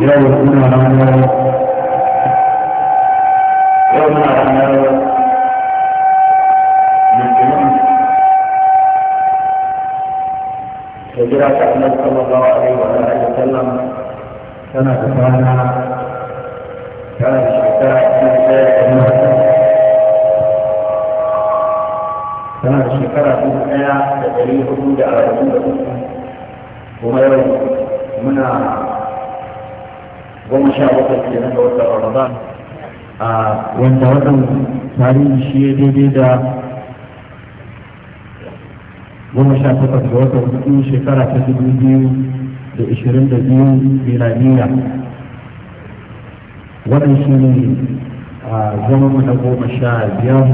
yau muna ranar yau muna ranar mutumin da jira ta annabi sallallahu alaihi wa alihi wa sallam tana da kwana tana da shekara tana da shekara dubu ɗaya da ɗari hudu da arba'in da uku kuma yau muna goma sha bakwai kenan da watan ramadan wanda wannan tarihi shi ya daidai da goma sha takwas ga watan hudu shekara ta dubu biyu da ishirin da biyu milaniya wannan shi ne zama na goma sha biyar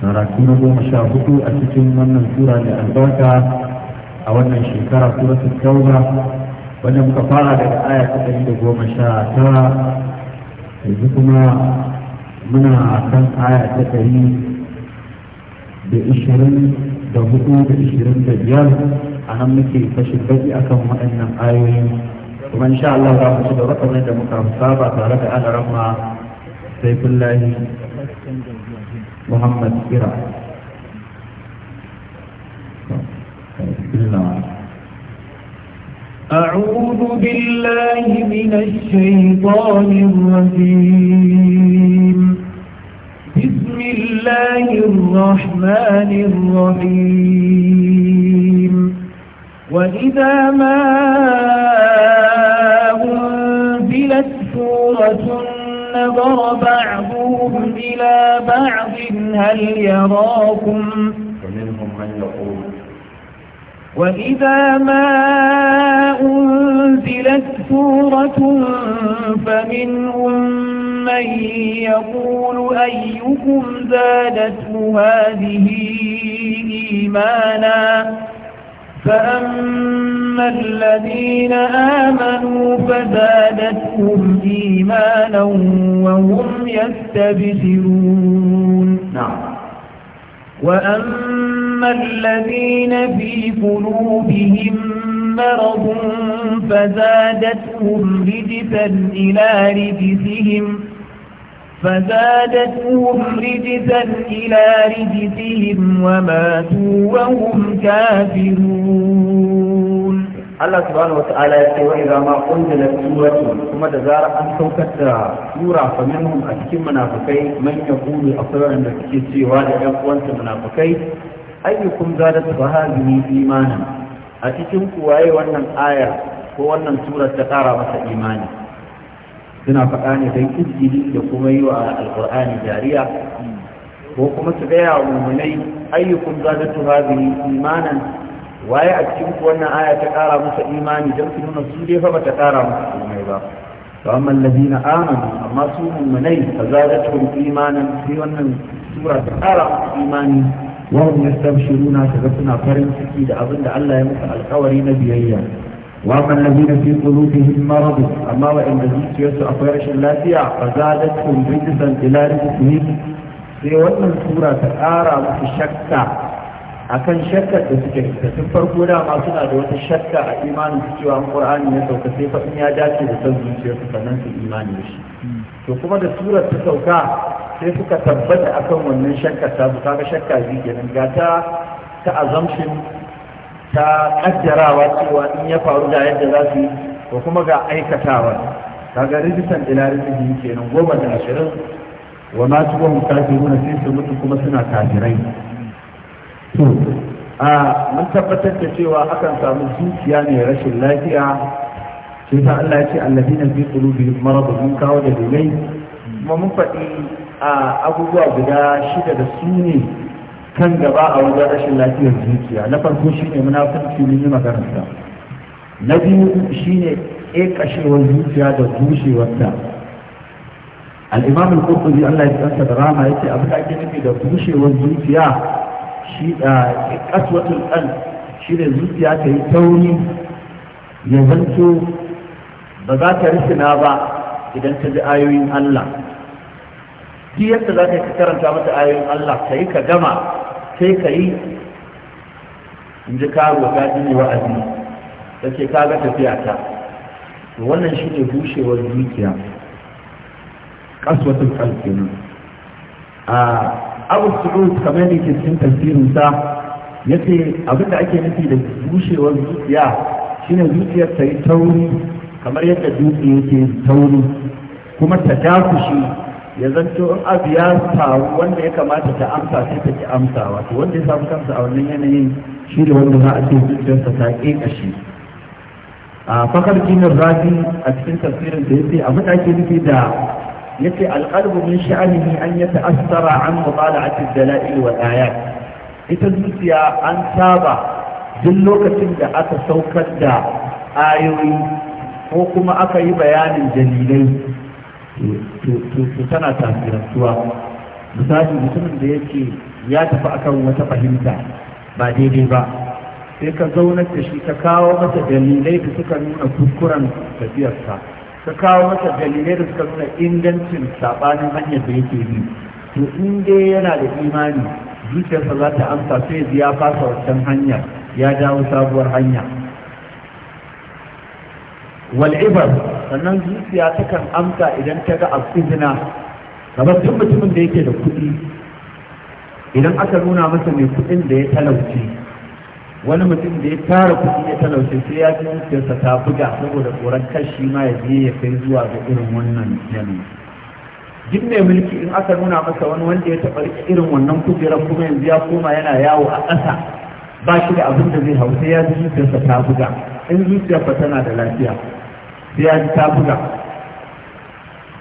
karatu na goma sha hudu a cikin wannan tura mai albarka a wannan shekara kuma ta wannan muka fara daga aya ta ɗari da goma sha tara yanzu kuma muna kan aya ta ɗari da ishirin da hudu da ishirin da biyar a nan muke fashin baki akan waɗannan ayoyi kuma insha Allah za mu ci gaba kamar da muka saba tare da ana ramma sai kullahi Muhammad Kira. Bismillah. أعوذ بالله من الشيطان الرجيم بسم الله الرحمن الرحيم وإذا ما أنزلت سورة نظر بعضهم إلى بعض هل يراكم ومنهم من يقول وإذا ما أنزلت سورة فمنهم من يقول أيكم زادته هذه إيمانا فأما الذين آمنوا فزادتهم إيمانا وهم يستبشرون نعم وأما الذين في قلوبهم مرض فزادتهم رجسا إلى رجسهم فزادتهم رجسا إلى رجسهم وماتوا وهم كافرون Allah subhanahu wata'ala ya ce wa idza ma unzila suratun kuma da zarar an saukar da sura fa minhum a cikin munafikai man yaqulu akwai da suke cewa da ƴan uwansa munafikai ayyukum zadat bahadhi imanan a cikin kuwaye wannan ayar ko wannan surar ta ƙara masa imani suna faɗa ne don izgili da kuma yi wa alƙur'ani jariya ko kuma su gaya wa mummunai ayyukum zadatu hadhihi imanan waye a cikin wannan aya ta ƙara musu imani don su nuna su dai fa bata ƙara musu komai ba to amma allazina amanu amma su mu'minai fa zadatuhum imanan sai wannan sura ta ƙara musu imani wa hum yastabshiruna kaga suna farin ciki da abin da Allah ya musu alƙawari na biyayya wa amma allazina fi qulubihim marad amma wa in zuciyarsu akwai rashin lafiya fa zadatuhum rijsan ila rijsihim sai wannan sura ta ƙara musu shakka akan shakkar da suke da tun farko dama suna da wata shakka a imanin su cewa qur'ani ya sauka sai fa in ya dace da san zuciyar su sannan su imani da shi to kuma da surar ta sauka sai suka tabbata akan wannan shakka ta su kaga shakka biyu kenan ga ta ta azamshin ta kaddarawa cewa in ya faru da yadda za su yi ko kuma ga aikatawa kaga rijistan ila rijisi kenan goma da ashirin wa ma tuwa kafiruna sai su mutu kuma suna kafirai to a mun tabbatar da cewa akan samu zuciya ne rashin lafiya sai ta Allah ya ce alladina fi qulubihim marad mun kawo da dalilai kuma mun faɗi a abubuwa guda shida da su ne kan gaba a wajen rashin lafiyar zuciya na farko shine munafurci mun yi maganarsa na biyu shine ƙeƙashewar zuciya da bushewarta al-imam al-qurtubi Allah ya tsanta da rama yace abin da ake nufi da bushewar zuciya shi a kaswatul shi ne zuciya ta yi tauri ya zanto ba za ta rufina ba idan ta ji ayoyin Allah duk yadda za ka karanta mata ayoyin Allah ka yi ka gama sai ka yi in ji karo ka ji wa'azi ta ce ka ga tafiya ta wannan shi ne bushewar zuciya kaswatul qalb kenan abu su'ud kamar yake ke cikin tafsirinsa ya ce abin da ake nufi da bushewar zuciya shine zuciyar ta yi tauri kamar yadda dutse yake tauri kuma ta dakushi ya zanto in abu ya faru wanda ya kamata ta amsa sai ta ki amsawa to wanda ya samu kansa a wannan yanayin shi ne wanda za a ce zuciyarsa ta ƙeƙashe a fakar jinin rafi a cikin tafsirin da ya ce abin da ake nufi da yace alqalbu min sha'anihi an yata'assara an mutala'ati ad-dala'il wal ayat ita zuciya an saba duk lokacin da aka saukar da ayoyi ko kuma aka yi bayanin dalilai to tana tasirantuwa misali mutumin da yake ya tafi akan wata fahimta ba daidai ba sai ka zaunar da shi ka kawo masa dalilai da suka nuna kuskuren tafiyarsa ka kawo masa dalilai da suka nuna ingancin saɓanin hanyar da yake bi to in dai yana da imani zuciyarsa za ta amsa sai ya fasa wancan hanyar ya dawo sabuwar hanya wal'ibar sannan zuciya ta kan amsa idan ta ga al'izina kamar duk mutumin da yake da kuɗi idan aka nuna masa mai kuɗin da ya talauci wani mutum da ya tara kuɗi ya talauce sai ya ji zuciyarsa ta buga saboda tsoron kashi ma ya je ya kai zuwa ga irin wannan yanayi duk mai mulki in aka nuna masa wani wanda ya taɓa rike irin wannan kujerar kuma yanzu ya koma yana yawo a ƙasa ba shi da abin da zai hau sai ya ji zuciyarsa ta buga in zuciyarsa tana da lafiya sai ya ji ta buga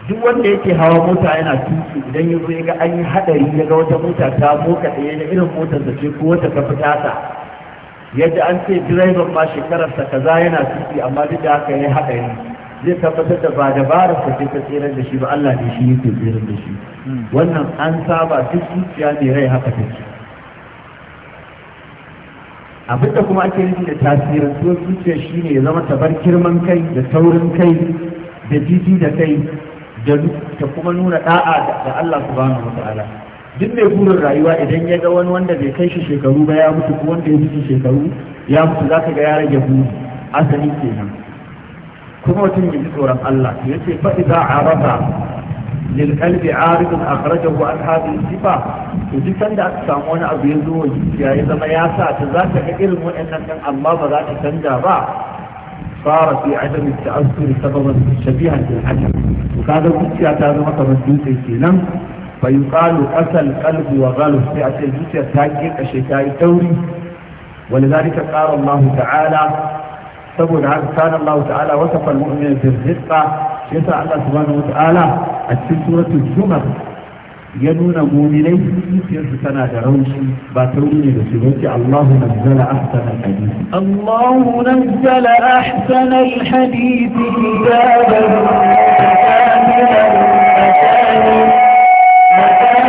duk wanda yake hawa mota yana tuki idan ya zo ya ga an yi haɗari ya ga wata mota ta moka ɗaya da irin motarsa ce ko wata ta tasa. yadda an ce direban ma shekararsa kaza yana tuki amma duk da haka ya haɗari zai tabbatar da ba dabarar ka ce ta tseren da shi ba Allah ne shi yake tsere da shi wannan an saba duk zuciya mai rai haka take abinda kuma ake nufi da tasirin tuwar zuciya shine ya zama ta bar kirman kai da taurin kai da jiji da kai da kuma nuna da'a da Allah subhanahu wa ta'ala duk mai burin rayuwa idan ya ga wani wanda bai kai shi shekaru ba ya mutu ko wanda ya mutu shekaru ya mutu za ka ga ya rage buri asali kenan kuma mutum ya ji tsoron Allah ya ce faɗi a arafa lil qalbi aridun akhrajahu an hadhihi sifa to duk sanda aka samu wani abu ya zo zuciya ya zama ya sa ta za ta ga irin waɗannan kan amma ba za ta canja ba fara fi adam ta'assur sababan shabihan bil adam to kaga zuciya ta zama kamar dutse kenan فيقال أتى القلب وغلو في أتى تاجر تاكيك الشيطاء ولذلك قال الله تعالى سبب عن كان الله تعالى وصف المؤمن الزقة يسعى الله سبحانه وتعالى في سورة الزمر ينون مؤمنين في سنة روشي باتروني بسيبوتي الله نزل أحسن الحديث الله نزل أحسن الحديث كتابا كاملا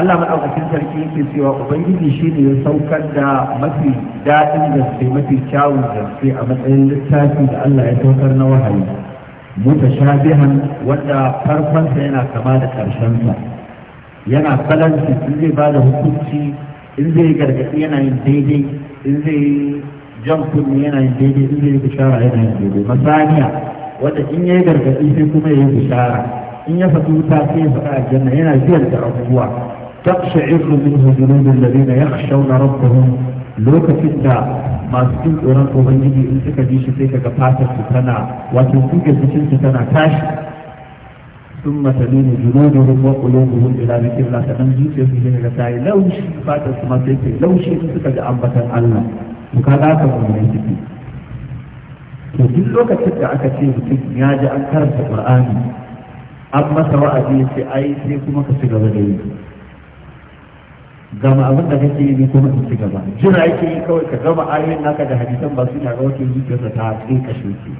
Allah maɗaukakin sarki yake cewa ubangiji shi ne ya saukar da mafi daɗin gaske mafi kyawun gaske a matsayin littafi da Allah ya saukar na wahayi shabihan wanda farkonsa yana kama da ƙarshensa yana balansi in zai ba da hukunci in zai gargaɗi yana yin daidai in zai jan kunni yana yin daidai in zai bishara yana yin daidai masaniya wanda in ya yi gargaɗi sai kuma ya yi bishara in ya faɗi wuta sai ya aljanna yana biyar da abubuwa تقشعر منه جنود الذين يخشون ربهم lokacin da masu jin tsoron ubangiji in suka ji shi sai kaga fatar su tana wato kuke jikin tana tashi sun matali ne junudu rum wa qulubuhum ila zikrillah sanan zuciyar su sai kaga tayi laushi fatar su ma sai laushi in suka ji Allah to ka duk lokacin da aka ce mutum ya ji an karanta Qur'ani an masa wa'azi ce ai sai kuma ka ci gaba da yi gama abin da kake yi kuma in ci gaba jira yake yi kawai ka gama ayoyin naka da hadisan ba su na ga wata zuciyarsa ta kashe ki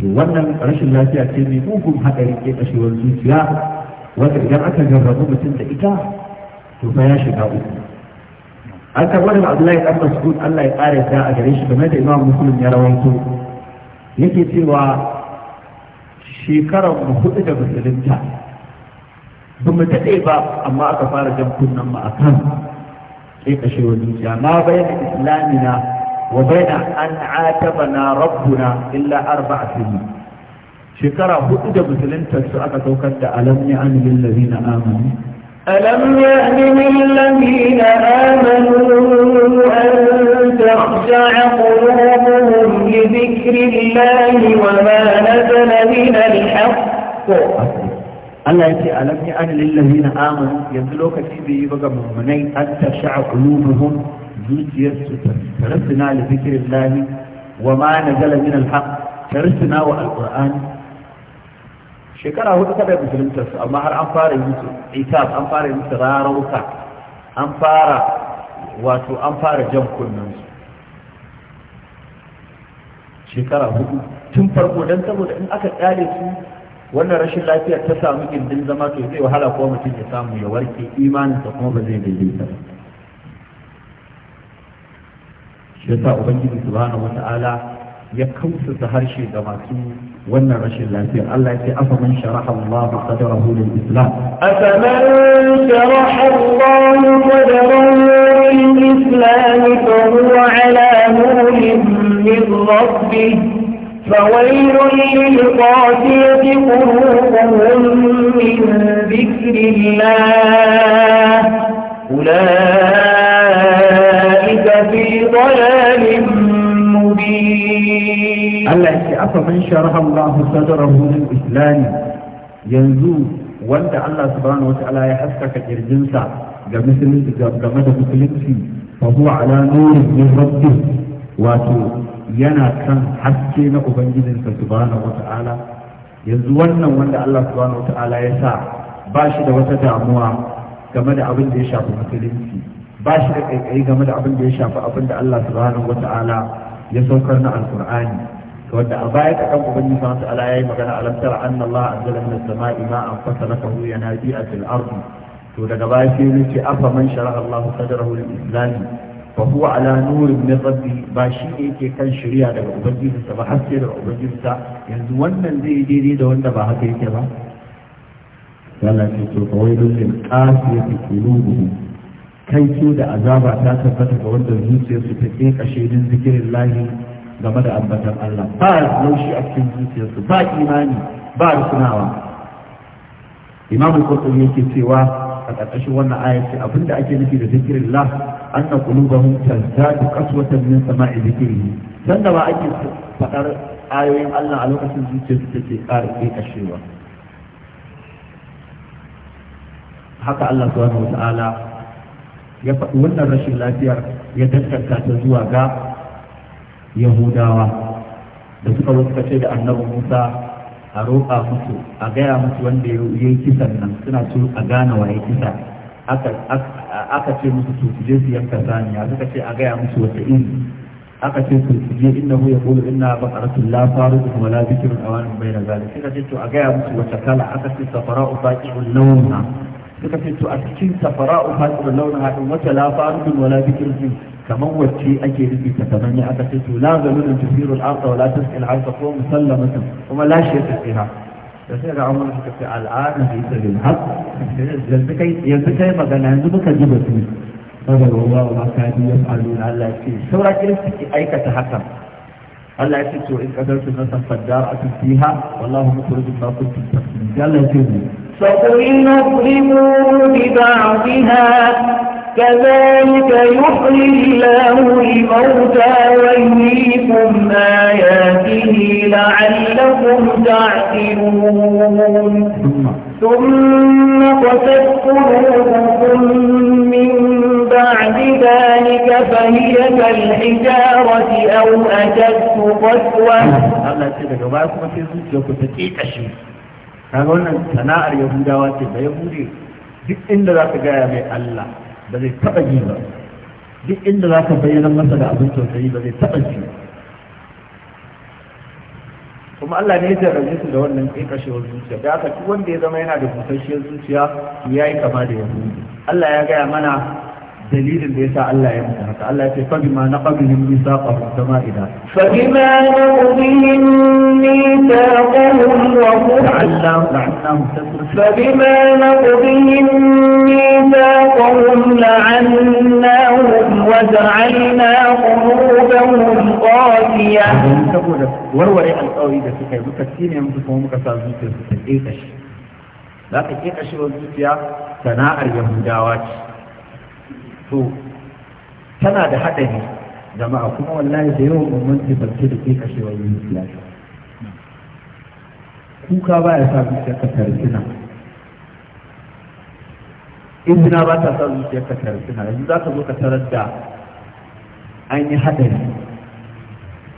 to wannan rashin lafiya ce mai mugun ke ƙeƙashewar zuciya wanda idan aka jarrabu mutum da ita to fa ya shiga uku an karɓar da Abdullahi ɗan Mas'ud Allah ya ƙara da a gare shi game da Imam Muslim ya rawaito yake cewa shekarar hudu da musulunta ba mu daɗe ba amma aka fara jan kunnen mu akan sai kashe wani ja ma bayan islamina wa bayan an atabana rabbuna illa arba'a sinin shekara hudu da musulunta su aka saukar da alam ya ani lillazina amanu ألم يهدم الذين آمنوا أن تخشع قلوبهم لذكر الله وما نزل من الحق Allah ya ce a ya an lillazina amanu yanzu lokaci bai yi ba ga mummunai an ta sha'a qulubuhum zuciyarsu ta tarsuna li zikrillah wa ma nazala min alhaq tarsuna wa alquran shekara hudu kada musulunta su amma har an fara yi su itab an fara yi musu rarauka an fara wato an fara jan kunnen su shekara hudu tun farko dan saboda in aka kyale su wannan rashin lafiyar ta samu gindin zama to zai wahala ko mutum ya samu ya warke imanin ta kuma ba zai daidaita ba shi yasa ubangiji subhanahu wata'ala ya ta harshe ga masu wannan rashin lafiyar Allah ya ce afa man sharaha Allah qadarahu lil islam afa man sharaha Allah qadarahu lil islam fa huwa ala nurin min rabbih فويل للقاسية قلوبهم من ذكر الله أولئك في ضلال مبين الله يتعفى من شرح الله صدره للإسلام ينزو وانت الله سبحانه وتعالى يحسك كرجنسا كمثل كمثل مسلمتي فهو على نور من ربه واتو yana kan haske na ubangijinsa subhanahu wata'ala yanzu wannan wanda Allah subhanahu wata'ala ya sa ba shi da wata damuwa game da abin da ya shafi musulunci ba shi da kaikayi game da abin da ya shafi abin da Allah subhanahu wata'ala ya saukar na alkur'ani wanda a baya kaɗan ubangiji subhanahu wata'ala ya yi magana alam tara anna Allah anzala min as-sama'i ma'an yanabi'a fil ardi to daga baya sai ya ce afa man sharaha Allah sadrahu lil islam fa huwa ala nurin min ba shi ne yake kan shari'a daga ubangiji sa ba haske daga ubangiji sa yanzu wannan zai daidai da wanda ba haka yake ba Allah ce to fa wailul lil qasiyati qulubuhum kai su da azaba ta tabbata ga wanda zuciyarsu ta kekashe din zikirin lahi game da ambatan Allah ba laushi a cikin zuciyarsu ba imani ba rukunawa imamu yake cewa a ƙarƙashin wannan ayat abinda ake nufi da zikirin lahi anna qulubahum tazdadu qaswatan min sama'i dhikrihi sanda ba ake fadar ayoyin Allah a lokacin zuciya su take ƙara kashewa haka Allah subhanahu wa ta'ala ya faɗi wannan rashin lafiyar ya danganta ta zuwa ga yahudawa da suka zo suka ce da annabi Musa a roƙa musu a gaya musu wanda ya yi kisan nan suna so a gane wa ya kisa aka ce musu su je su yanka saniya suka ce a gaya musu wata iri aka ce su je hu ya inna baqaratul la farid wa la awan bayna zalik suka ce to a gaya musu wata kala aka ce safara'u faqi'ul launa suka ce to a cikin safara'u faqi'ul launa hadin wata la wa la kamar wacce ake nufi ta kaman aka ce to la zalulun tusirul arda wa la tasqil arda ko musallamatun kuma la shay'a fiha da sai ga umar suka ce al'ada da ita bin haq yanzu kai magana yanzu muka ji batu saboda ruwa wa makadi ya faru na Allah ya ce saura kiran suke aikata haka. Allah ya ce to in kadar su nasan faddar a fiha wallahu mukhrijum ma kuntum taktumun Allah ya ce mu فقل نضربوا ببعضها كذلك يحيي الله الموتى ويريكم آياته لعلكم تعقلون ثم قست قلوبكم من بعد ذلك فهي كالحجارة أو أشد قسوة kaga أقول sana'ar yahudawa ce da yahudi duk inda za ka gaya mai Allah ba zai taɓa yi ba duk inda za ka bayyana masa da abin tausayi ba zai taɓa yi kuma Allah ne ya jarrabe su da wannan kashewar zuciya da aka duk wanda ya zama yana da busasshiyar zuciya ya yi kama da yanzu Allah ya gaya mana دليل ليس الله يمنعك الله يقول فبما نقضهم ميثاقهم كما إذا فبما نقضهم ميثاقهم وهم فبما نقضهم ميثاقهم لعناهم وجعلنا قلوبهم قاسية وروا إيه القوي إذا سكي بكتين ينفسهم كسابه كسابه كسابه كسابه كسابه كسابه كسابه كسابه كسابه so tana da haɗari jama'a kuma wallahi da yawan umman tsibarci da ke kashewa yin lafiya kuka ba ya sa zuciyar ka in izina ba ta sa zuciyar ka tarifina yanzu za ka zo ka tarar da an yi haɗari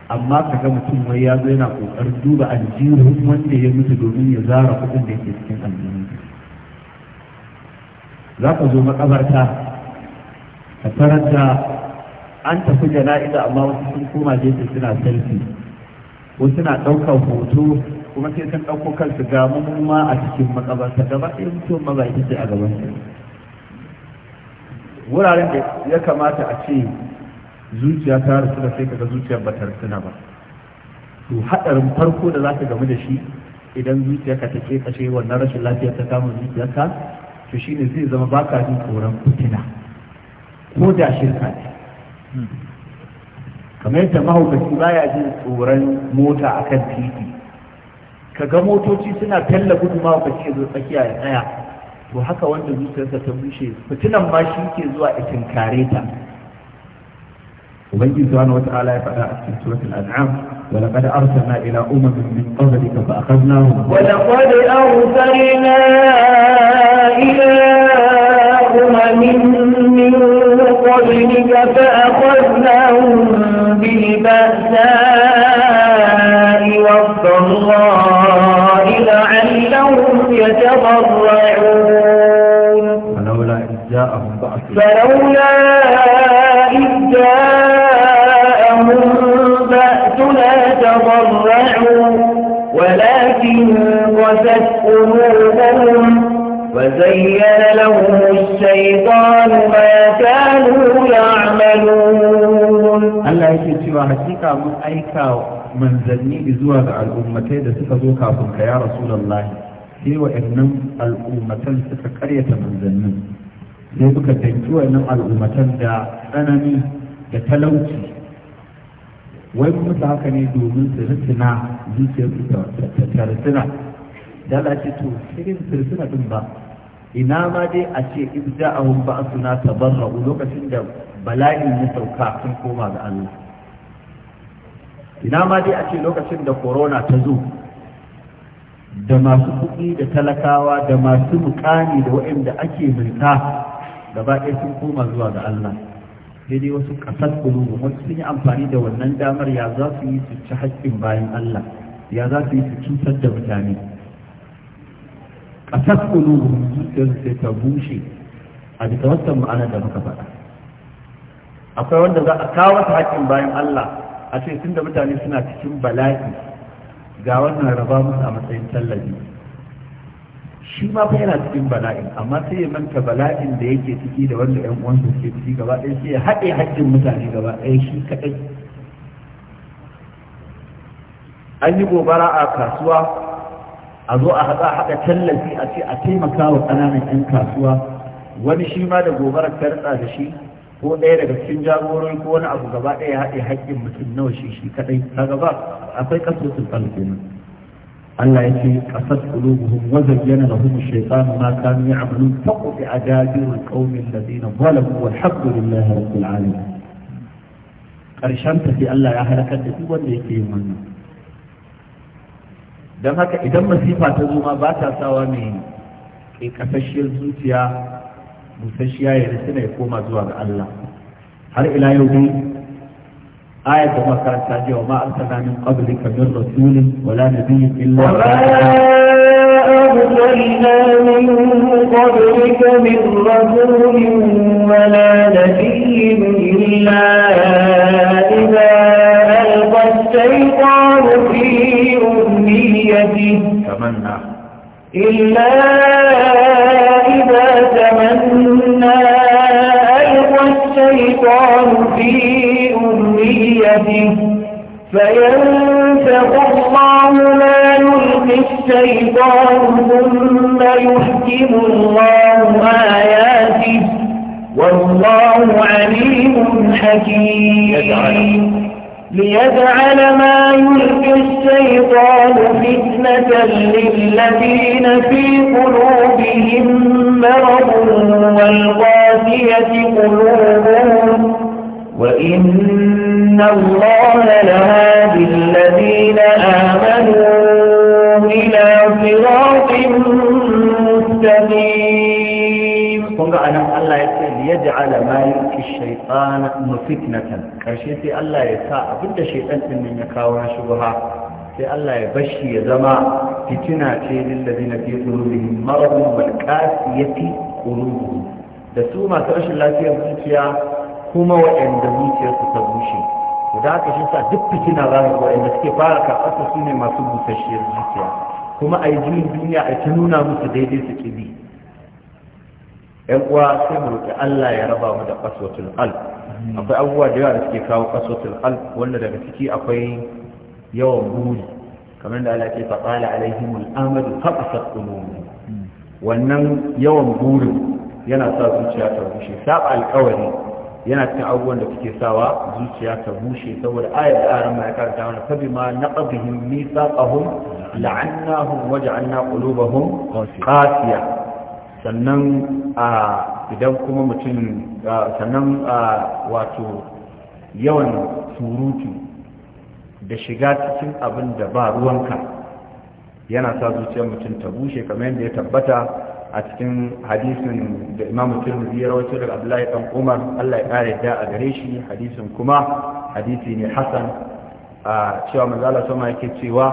amma ka ga mutum wai ya zo yana ƙoƙarin duba aljihun wanda ya mutu domin ya zara kuɗin da yake cikin aljihun za ka zo makabarta A tarar da an tafi jana'iza amma wasu sun koma gefe suna selfie ko suna ɗaukar hoto kuma sai sun ɗauko kansu ga ma a cikin makabarta gaba ɗaya mutum ma ba ita ce a gaban su wuraren da ya kamata a ce zuciya ta rasu da sai kaga zuciyar ba ta ba to haɗarin farko da za ka gamu da shi idan zuciyarka ta ke kashe wannan rashin lafiyar ta kama zuciyarka to shine zai zama baka jin tsoron fitina ko da shirka ne kamar yadda mahaukaci baya jin tsoron mota a kan titi Ka ga motoci suna talla gudu mahaukaci ya zo tsakiya ya tsaya to haka wanda zuciyarsa ta bushe fitinan ma shi ke zuwa itin kare ta ubangiji subhanahu wata'ala ya faɗa a cikin suratul an'am ولقد أرسلنا إلى أمم من قبلك فأخذناهم ولقد أرسلنا إلى أمم من قبلك فأخذناهم بالبأساء والضراء لعلهم يتضرعون فلولا إذ جاءهم بأسنا تضرعوا ولكن قست قلوبهم وزين لهم yake cewa hakika mun aika manzanni zuwa ga al'ummatai da suka zo kafin ka ya rasulullahi sai wa'annan al'ummatan suka karyata manzannin sai suka danki wa'annan al'ummatan da tsanani da talauci wai musu haka ne domin su rutuna zuciyar su ta rutuna da Allah ce to sai su rutuna din ba ina ma dai a ce ibda'ahum ba'suna tabarra'u lokacin da bala'in ya sauka sun koma ga Allah ina ma dai a ce lokacin da corona ta zo da masu kuɗi da talakawa da masu mukami da waɗanda ake mulka gaba ɗaya sun koma zuwa ga Allah sai dai wasu ƙasar kulubu wasu sun yi amfani da wannan damar ya za su yi su ci haƙƙin bayan Allah ya za su yi su cutar da mutane ƙasar kulubu zuciyar sai ta bushe a bisa wasan ma'ana da muka faɗa akwai wanda za a kawo ta haƙƙin bayan Allah a ce tun da mutane suna cikin bala'i ga wannan raba musu a matsayin tallafi shi ma fa yana cikin bala'i, amma sai ya manta bala'in da yake ciki da wanda ƴan uwansa ke ciki gaba ɗaya sai ya haɗe haƙƙin mutane gaba ɗaya shi kaɗai an yi gobara a kasuwa a zo a haɗa haɗa tallafi a ce a taimaka wa ƙananan 'yan kasuwa wani shi ma da gobara ta da shi ko ɗaya daga cikin jagorori ko wani abu gaba ɗaya ya haɗe haƙƙin mutum nawa shi shi kaɗai kaga ba akwai kasosin kalbin Allah ya ce qasat qulubuhum wa zayyana lahum ash-shaytanu ma kanu ya'malun faqti adabiru al-qawmi alladhina zalamu walhamdulillahi rabbil alamin karshen ta sai Allah ya halakar da duk wanda yake yin wannan Don haka idan masifa ta zo ma ba ta sawa mai kasashiyar zuciya shi ya da suna koma zuwa ga Allah har ila yau dai ayat da makaranta ji wa ma arsalna min qablika min rasulin wala nabiyyin illa أرسلنا من قبلك من رسول ولا نبي إلا إذا ألقى الشيطان في أمنيته إلا فينفق الله ما يلقي الشيطان ثم يحكم الله آياته والله عليم حكيم ليجعل ما يلقي الشيطان فتنة للذين في قلوبهم مرض والقاسية قلوبهم وإن الله يجعل ما يؤكي الشيطان مفتنة كرشي في الله يساء بد شيطان من يكاونا شبها في الله يبشي زماء فتنة للذين في قلوبهم مرض والكاسية قلوبهم دسوما ترش الله في أبوتيا كما وإن دميتيا تتبوشي وذلك شيطا دب فتنة غير وإن دسكي فارك أسسيني ما سبو تشير جيتيا كما أيجين الدنيا اتنونا متديدي سكيبي yan uwa sai mu Allah ya raba mu da qaswatul qalb akwai abubuwa da yawa da suke kawo qaswatul qalb wanda daga ciki akwai yawan buri kamar da Allah ke faqala alaihimul amadu faqasat qulubuhum hmm. wannan yawan burin yana sa zuciya ta bushe saba alƙawari yana cikin abubuwan da suke sawa zuciya ta bushe saboda ayat da aran ma ya karanta mana fa bima naqabihim mithaqahum la'annahum waja'alna qulubahum qasiya sannan a idan kuma mutum sannan a wato yawan surutu da shiga cikin abin da ba ruwanka yana sa zuciyar mutum ta bushe kamar yadda ya tabbata a cikin hadisin da imam turmizi ya daga abdullahi Ɗan umar allah ya kare da a gare shi hadisin kuma hadisi ne hasan a cewa manzala sama yake cewa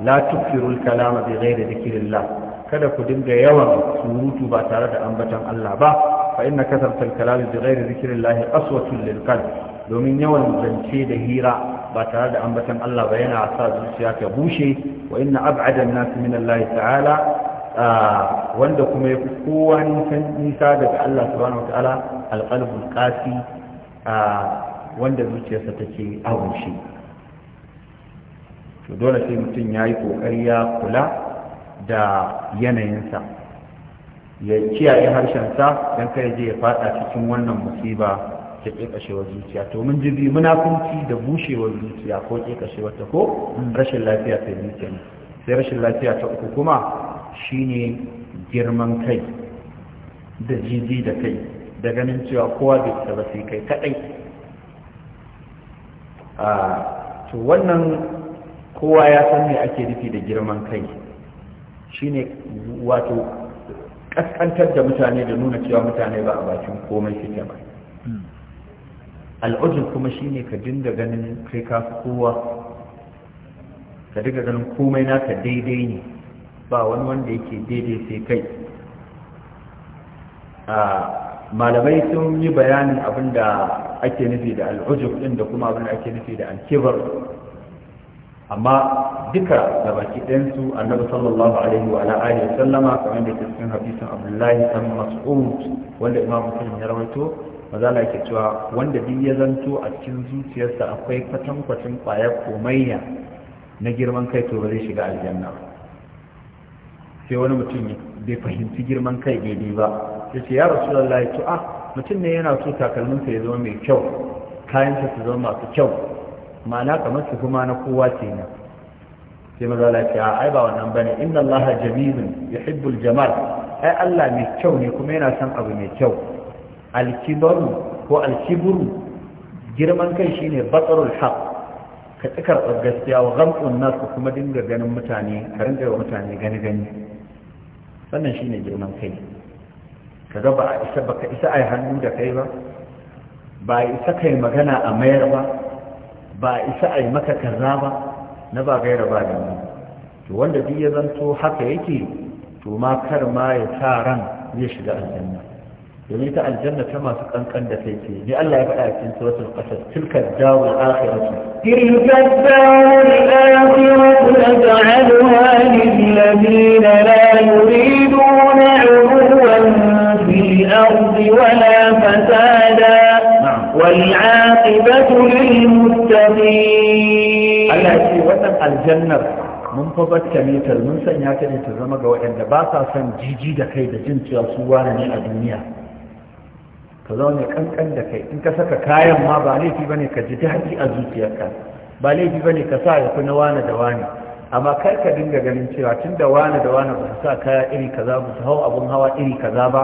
la tukfirul kalama bi ghairi dhikrillah kada ku dinga yawan surutu ba tare da ambatan Allah ba fa inna kasartal kalam bi ghairi zikrillah aswatul lil qalb domin yawan zance da hira ba tare da ambatan Allah ba yana sa zuciya ta bushe wa inna ab'ada an-nas min Allah ta'ala ah, wanda kuma yafi kowa nisa daga Allah subhanahu wa ta'ala qasi ah, wanda zuciyarsa take a bushe. to dole sai mutum ya yi kokari ya kula da yanayinsa ya kiyaye harshensa don kai je ya fada cikin wannan musiba ta ƙeƙashewar zuciya to mun ji munafunci da bushewar zuciya ko ƙeƙashewar ta ko rashin lafiya ta zuciya sai rashin lafiya ta uku kuma shine girman kai da jiji da kai da ganin cewa kowa bai isa ba sai kai kaɗai ah, to wannan kowa ya san me ake nufi da girman kai shine wato kaskantar da mutane da nuna cewa mutane ba a bakin komai suke ba al'ujin kuma shine ka dinga ganin kai ka kowa ka dinga ganin komai naka daidai ne ba wani wanda yake daidai sai kai malamai sun yi bayanin abin da ake nufi da al'ujub din da kuma abin da ake nufi da alkibar amma duka da baki ɗansu annabi sallallahu alaihi wa alihi wa sallama kamar da ke cikin hadisin abdullahi dan mas'ud wanda imam muslim ya rawaito maza na yake cewa wanda duk ya zanto a cikin zuciyarsa akwai kwatankwacin kwaya komaiya na girman kai to ba zai shiga aljanna sai wani mutum bai fahimci girman kai daidai ba ya ce ya rasu to ah mutum ne yana so takalminsa ya zama mai kyau kayansa su zama masu kyau ma'ana kamar su kuma na kowa kenan sai maza Allah ce ai ba wannan bane inna Allah jamilun yuhibbul jamal ai Allah mai kyau ne kuma yana son abu mai kyau al ko al girman kai shine batarul haqq ka tsakar gaskiya wa ghamtun nas kuma dinga ganin mutane ka rinka wa mutane gani gani sannan shine girman kai ka ga ba isa baka isa ai hannu da kai ba ba isa kai magana a mayar ba ba isa ai maka kaza ba na ba gaira ba da mu to wanda duk ya zanto haka yake to ma kar ma ya sa ran zai shiga aljanna domin ta aljanna ta masu kankan da kai ce ni Allah ya faɗa a cikin suratul qasas tilka dawul akhirah tilka darul akhirah naj'alha lilladheena la yuriduna 'uluwan fil ardi wa la fasada wal 'aqibatu ce wannan aljannar mun fabatta ne mun sanya ta ne ta zama ga waɗanda ba sa son jiji da kai da jin cewa su wane ne a duniya ka zaune kankan da kai in ka saka kayan ma ba laifi ba ne ka ji daɗi a zuciyarka ba laifi ba ne ka sa ya fi na wane da wane amma kar ka dinga ganin cewa tun da wane da wane ba su sa kaya iri kaza ba su hau abun hawa iri kaza ba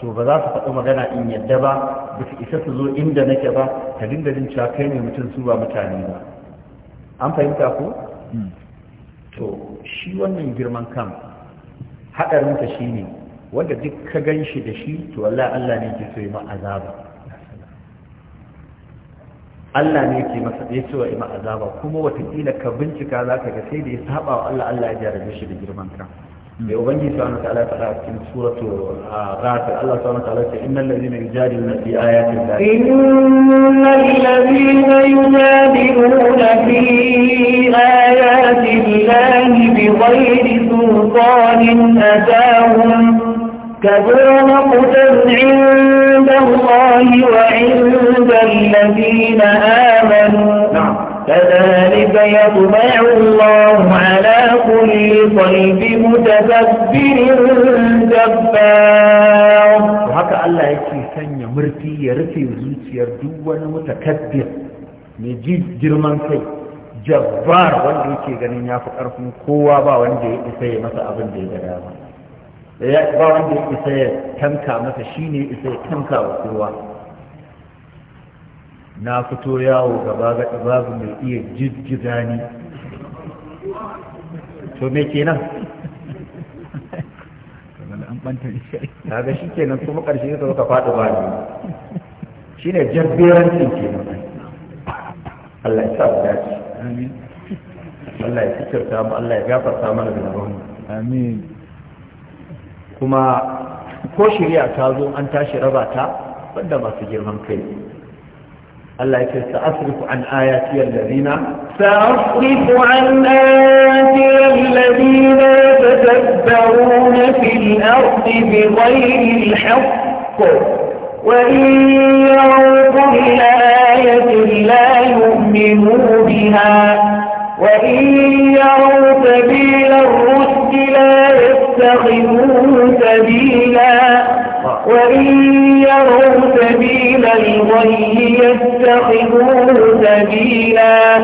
to ba za su faɗi magana in yadda ba ba su isa su zo inda nake ba ka dinga jin cewa kai ne mutum su ba mutane ba an fahimta ku hmm. to shi wannan girman kan haɗarinta shi ne wanda duk ka gan shi da shi to Allah Allah ne ke so yi azaba Allah ne ke masa ya ce wa ima azaba kuma watakila ka bincika za ka ga sai da ya saba wa Allah Allah ya jarabe shi da girman kan mai ubangiji subhanahu wa ta'ala fada a cikin suratu ghafir Allah subhanahu wa ta'ala ce innal ladina yujadiluna fi ayati llahi innal ladina yujadiluna fi ayati llahi bighayri sultanin atahum كبر مقتا عند الله وعند الذين آمنوا نعم كذلك يطبع الله على كل قلب متكبر sanya وهكا الله يكي سنة مرتي يرتي وزوتي يردو متكبر نجيب جرمان كي جبار wanda yake ganin ya fi ƙarfin kowa ba wanda ya isa ya masa abin da ya gada ba ba wanda ya isa ya tanka masa shine isa ya tanka wa kowa na fito yawo gaba ga babu mai iya jijjiga ni to me kenan kaga shi kenan kuma karshe ka zo ka faɗi ba shi ne jabberancin kenan Allah ya sa mu dace Allah ya fitarta mu Allah ya gafarta mana da mu amin kuma ko shirya ta zo an tashi raba ta banda masu girman kai الله يقول سأصرف عن آياتي الذين سأصرف عن آياتي الذين يتكبرون في الأرض بغير الحق وإن يروا كل آية لا يؤمنوا بها وإن يروا سبيل الرشد لا يتخذوه سبيلا وإن يروا سبيل الغي يتخذوه سبيلا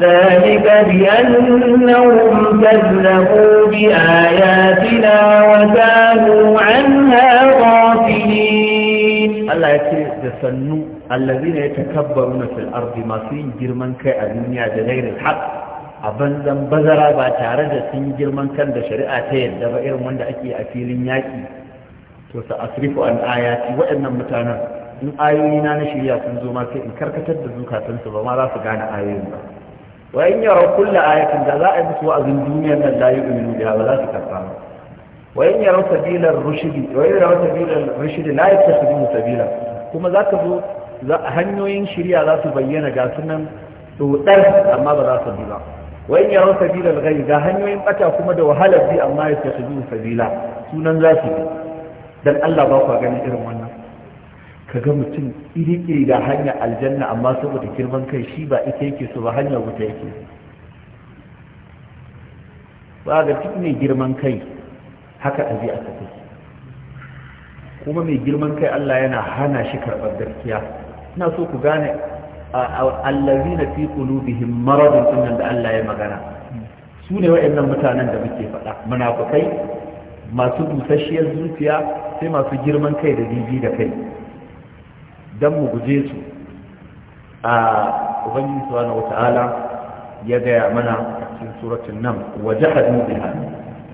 ذلك بأنهم كذبوا بآياتنا وكانوا عنها غافلين الله يكري دسنو الذين يتكبرون في الأرض ما سين جرمان كي الدنيا بغير الحق a banzan bazara ba tare da sun girman kan da shari'a ta yadda ba irin wanda ake a filin yaƙi to sa asrifu an ayati waɗannan mutanen in ayoyi na na shirya sun zo ma sai in karkatar da zukatansu ba ma za su gane ayoyin ba wa in yara kulla ayatin da za a yi musu wa'azin duniyar nan la yu'minu biha ba za su karba ba wa in yara sabilar rushdi wa in yara sabilar rushdi la yattakhidhu sabila kuma za ka zo hanyoyin shirya za su bayyana ga sunan dodar amma ba za su bi ba wani yaron sabilar gari ga hanyoyin bata kuma da wahalar bi amma ya tafi sabila sunan za su bi dan Allah ba ku ganin irin wannan kaga mutum iri-iri da hanyar aljanna amma saboda girman kai shi ba ita yake so ba hanyar wuta yake ba ga duk mai girman kai haka ɗabi'a ta take kuma mai girman kai Allah yana hana shi karɓar gaskiya ina so ku gane na fi qulubihim maradun sunan da Allah ya magana su ne wa'annan mutanen da muke faɗa munafukai masu busasshiyar zuciya sai masu girman kai da jiji da kai don mu guje su a ubangiji subhanahu wata'ala ya gaya mana cikin suratun nan waje hadu biha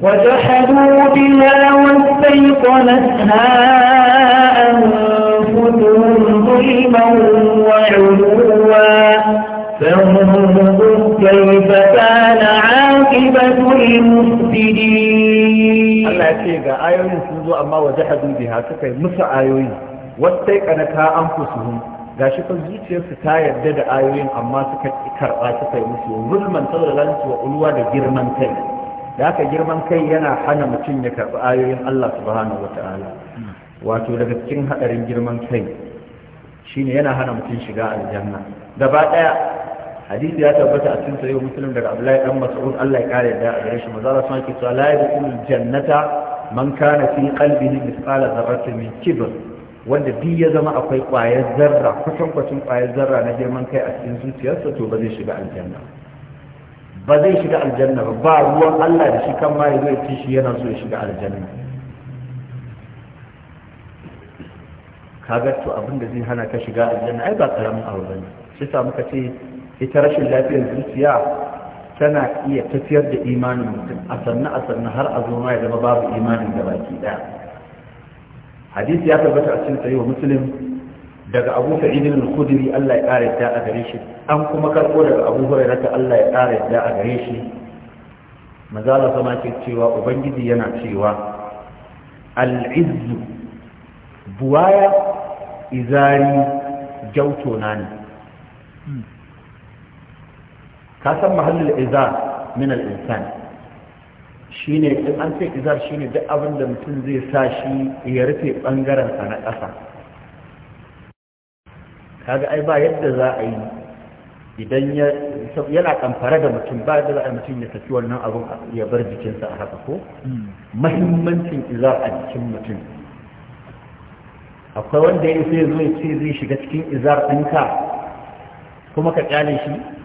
وجحدوا بها واستيقنتها أنفسهم ظلما وعلوا فانظر كيف كان عاقبة المفسدين Allah ya ce ga ayoyin sun zo amma wa jahadu biha suka yi musu ayoyi wastai kana ta ga gashi fa zuciyarsu ta yarda da ayoyin amma suka karba suka yi musu zulman tsauraranci wa ulwa da girman kai da haka girman kai yana hana mutum ya karbi ayoyin Allah subhanahu wata'ala wato daga cikin hadarin girman kai shine yana hana mutum shiga aljanna gaba ɗaya. hadisi ya tabbata a cikin sahih muslim daga abdullahi dan mas'ud Allah ya kare da gare shi manzo Allah sun ce cewa la yadkhulul jannata man kana fi qalbihi mithqala dharratin min kibr wanda bi ya zama akwai kwayar zarra kwatankwacin kwayar zarra na girman kai a cikin zuciyarsa to ba zai shiga aljanna ba zai shiga aljanna ba ba ruwan Allah da shi kan ma ya zai ci shi yana so ya shiga aljanna kaga to abin da zai hana ka shiga aljanna ai ba karamin abu bane shi sa muka ce ita rashin lafiyar zuciya tana iya tafiyar da imanin mutum a sannu a sannu har a zoma ya zama babu imanin da baki ɗaya. hadisi ya tabbata a cikin wa musulun daga abu sa'idin al Allah ya ƙara yadda a gare shi an kuma karɓo daga abu ya Allah ya ƙara yadda a gare shi mazala sama ke cewa ubangiji yana cewa al'izzu buwaya izari jautona ne hmm. ka san mahallin izar min al-insan shine in an ce izar shine duk abin da mutum zai sa shi ya rufe bangaren sa na ƙasa kaga ai ba yadda za a yi idan yana kamfara da mutum ba yadda za a mutum ya tafi wannan abin ya bar jikinsa a haka ko mahimmancin izar a jikin mutum akwai wanda ya sai zai ce zai shiga cikin izar ɗinka kuma ka kyale shi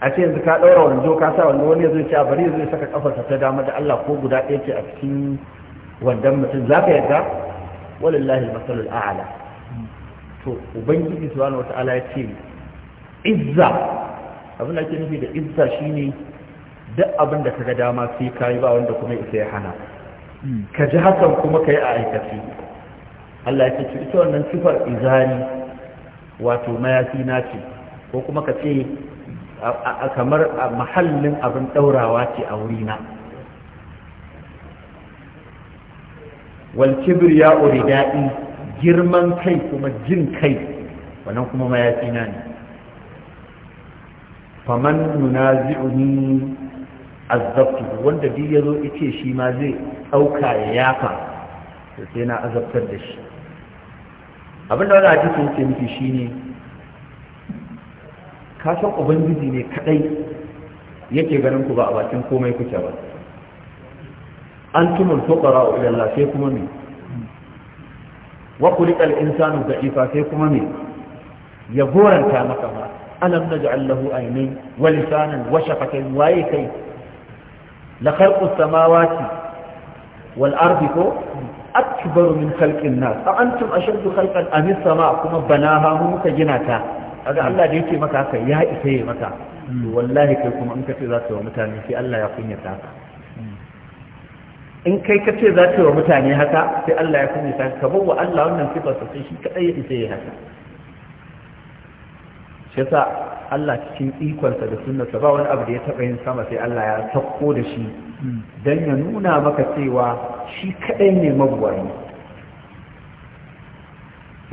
a ce yanzu ka ɗaura wando ka sa wani wani zai ce a bari zai saka ƙafarsa ta dama da Allah ko guda ɗaya ce a cikin wandan mutum za ka yarda walillahi masalul a'ala to ubangiji subhanahu wata'ala ya ce izza abin da ake nufi da izza shine duk abin da ga dama sai kayi ba wanda kuma isa ya hana hmm. ka ji hakan kuma ka yi a aikace Allah ya ce ita wannan sifar izani wato mayafi na ce ko kuma ka ce kamar mahallin abin ɗaurawa ce a wurina walkibir ya daɗi girman kai kuma jin kai wannan kuma mayafina ne faman nuna zi'uni azabtu wanda duk ya zo ice shi ma zai ɗauka ya yafa sai na azabtar da shi abinda wani a cikin ce miki shine ka san ubangiji ne kadai yake ganin ku ba a bakin komai kuke ba antumul fuqara ila Allah sai kuma me wa khuliqa al-insanu da'ifa sai kuma me ya goranta maka ma alam naj'al lahu aynayn wa lisanan wa shafatayn wa yakayn la khalqu as-samawati wal ardi ko akbar min khalqin nas a antum ashaddu khalqan am as-sama kuma banaha mu muka gina ta kaga Allah da yake maka haka ya isa ya maka wallahi kai kuma in ka ce za ka wa mutane sai Allah ya kunyata ka. in kai ka ce za ka wa mutane haka sai Allah ya kunyata Ka kamar wa Allah wannan sifar sa sai shi kadai ya isa ya haka shi yasa Allah cikin ikonsa da sunnarsa ba wani abu da ya taɓa yin sama sai Allah ya sauko da shi Dan ya nuna maka cewa shi kadai ne mabuwayi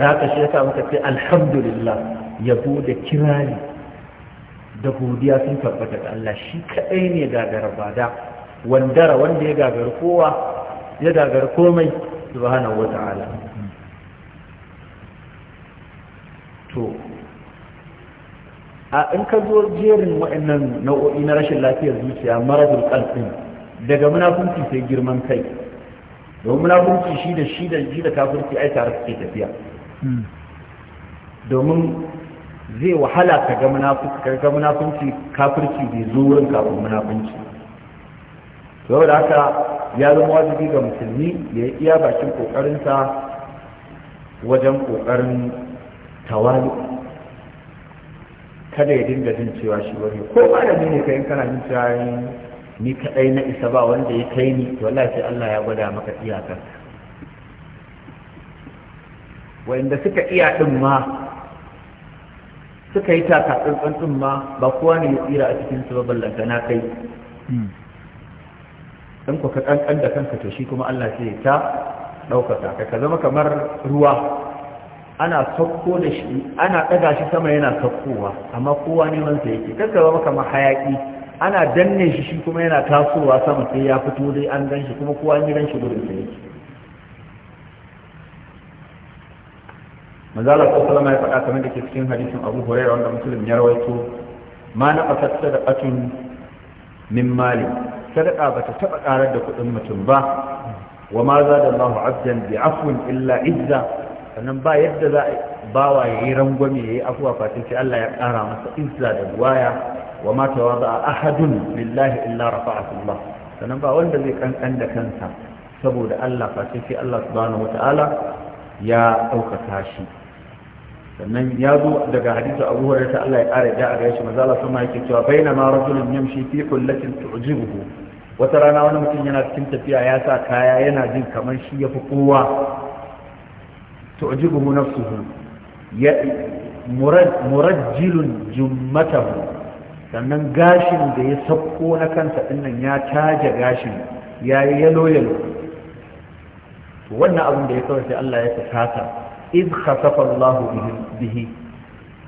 da haka shi yasa muka ce alhamdulillah yabo da kirari da godiya sun tabbata da Allah shi kadai ne gagara bada wandara wanda ya gagara kowa ya gagara komai subhanahu wata'ala to a in ka zo jerin waɗannan nau'o'i na rashin lafiyar zuciya maradul qalbin daga munafunci sai girman kai domin munafunci shi da shi da shi da kafirci ai tare suke tafiya hmm. domin zai wahala ka ga munafunci kafirci bai zo wurin kafin munafunci da haka ya zama wajibi ga musulmi ya yi iya bakin kokarinsa wajen kokarin tawali kada ya dinga jin cewa shi wani ko da ne kai kana jin cewa ni kadai na isa ba wanda ya kai ni wallahi sai Allah ya gwada maka iyakar wanda suka iya din ma suka yi taka tsantsan ma ba kowa ne ya tsira a cikin su ballanta na kai hmm. dan ku ka kankan da kanka to shi kuma Allah sai ta ɗaukaka ka ka zama kamar ruwa ana sakko da shi ana ɗaga shi sama yana sakkowa amma kowa neman sa yake kanka zama kamar hayaki ana danne shi shi kuma yana tasowa sama sai ya fito dai an gan shi kuma kowa ne ran shi gurin sa yake manzala sallallahu ya faɗa kamar da ke cikin hadisin Abu Hurairah wanda Muslim ya rawaito ma na fasat sadaqatun min mali sadaqa bata taba karar da kuɗin mutum ba wa ma zada Allahu 'abdan bi'afwin illa izza sannan ba yadda za bawa yayi rangwame yayi afwa fatin sai Allah ya ƙara masa izza da duwaya wa ma tawada ahadun lillahi illa rafa'ahu Allah sannan ba wanda zai kankan da kansa saboda Allah fatin sai Allah subhanahu wata'ala ya ɗaukaka shi sannan ya zo daga hadisu abu hurairah ta Allah ya ƙara da a shi manzo Allah sama yake cewa baina ma rajulun yamshi fi kullatin tu'jibuhu wata rana wani mutum yana cikin tafiya ya sa kaya yana jin kamar shi ya fi kowa tu'jibuhu nafsuhu ya murajjilun jummatahu sannan gashin da ya sauko na kansa dinnan ya taje gashin ya yalo yalo wannan abin da ya kawai sai Allah ya saka iz khasafa Allahu bihi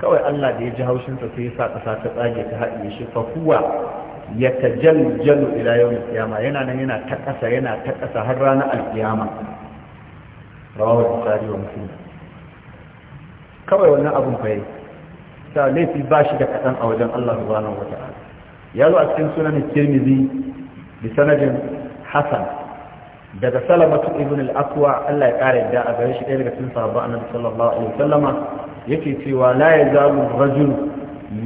kawai Allah da ya ji haushin sa sai ya sa kasa ta tsage ta haɗiye shi fa huwa yatajaljalu ila yawm al-qiyama yana nan yana ta kasa yana ta kasa har ranar al-qiyama rawahu bukhari wa muslim kawai wannan abun fa ta laifi ba shi da kadan a wajen Allah subhanahu wa ta'ala ya zo a cikin sunan tirmidhi bi sanadin hasan daga salamatu ibn al-aqwa Allah ya kare da a gare shi ɗaya daga cikin sahabba annabi sallallahu alaihi wasallama yake cewa la yazalu rajul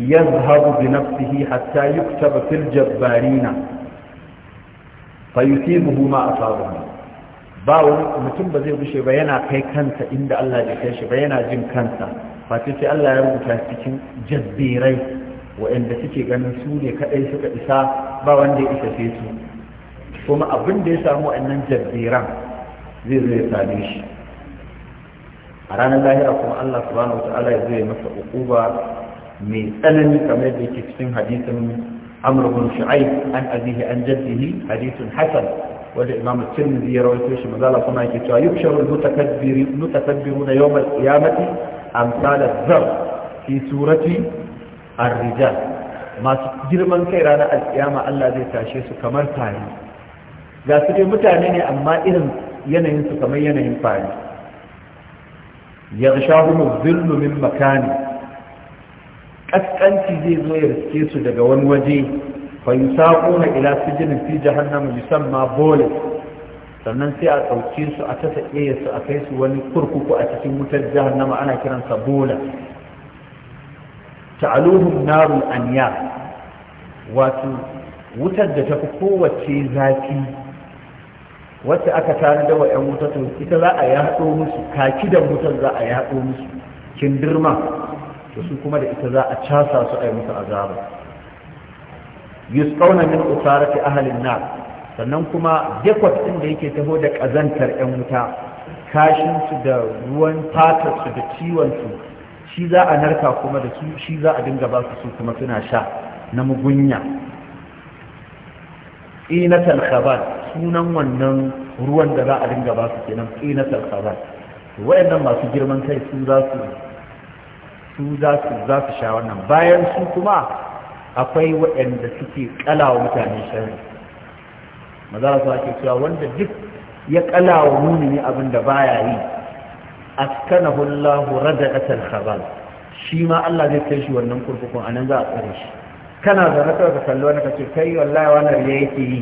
yazhabu bi nafsihi hatta yuktaba fil jabbarina fayusibuhu ma asabahu ba wani mutum ba zai rushe ba yana kai kansa inda Allah ya kai shi ba yana jin kansa face sai Allah ya rubuta cikin jabbirai waɗanda suke ganin su ne kadai suka isa ba wanda ya isa sai su kuma abin da ya samu wa'annan jabbiran zai zo ya same shi a ranar lahira kuma Allah subhanahu wata'ala ya zo masa uquba mai tsanani kamar da yake cikin hadisin Amr ibn Shu'aib an azihi, an jaddihi hadithun hasan wanda Imam Tirmidhi ya rawaito shi manzo Allah kuma yake cewa yubsharu al-mutakabbiruna yawm al-qiyamati amsal az zar fi surati ar-rijal masu girman kai ranar al-qiyama Allah zai tashe su kamar tare ga su dai mutane ne amma irin yanayin su kamar yanayin fari ya shahu mu zillu makani Ƙasƙanci zai zo ya riske su daga wani waje fa yusaquna ila sijinin fi jahannama ma bolis sannan sai a ɗauke su a ta taɗe su a kai su wani kurkuku a cikin wutar jahannama ana kiransa bola ta'aluhum narul anya wato wutar da ta fi kowace zafi wacce aka da wa 'yan wuta to ita za a yaɗo musu kaki da wutar za a yaɗo musu kindirma to su kuma da ita za a casa su a yi musu azaba yusƙauna min usarati ahalin na sannan kuma dekwat ɗin da yake taho da ƙazantar 'yan wuta kashin da ruwan fatar da ciwon shi za a narka kuma da su shi za a dinga ba su kuma suna sha na mugunya qinatal khabat sunan wannan ruwan da za a dinga ba su kenan qinatal khabat wayannan masu girman kai su za su su za su za su sha wannan bayan su kuma akwai wayanda suke kalawa mutane sharri maza su ake cewa wanda duk ya kalawa mumini abin da baya yi askanahu Allahu radaqatal khabal shi ma Allah zai kai shi wannan kurkukun anan za a tsare shi kana zaune kawai ka kalli wani ka ce kai wallahi wannan riya yake yi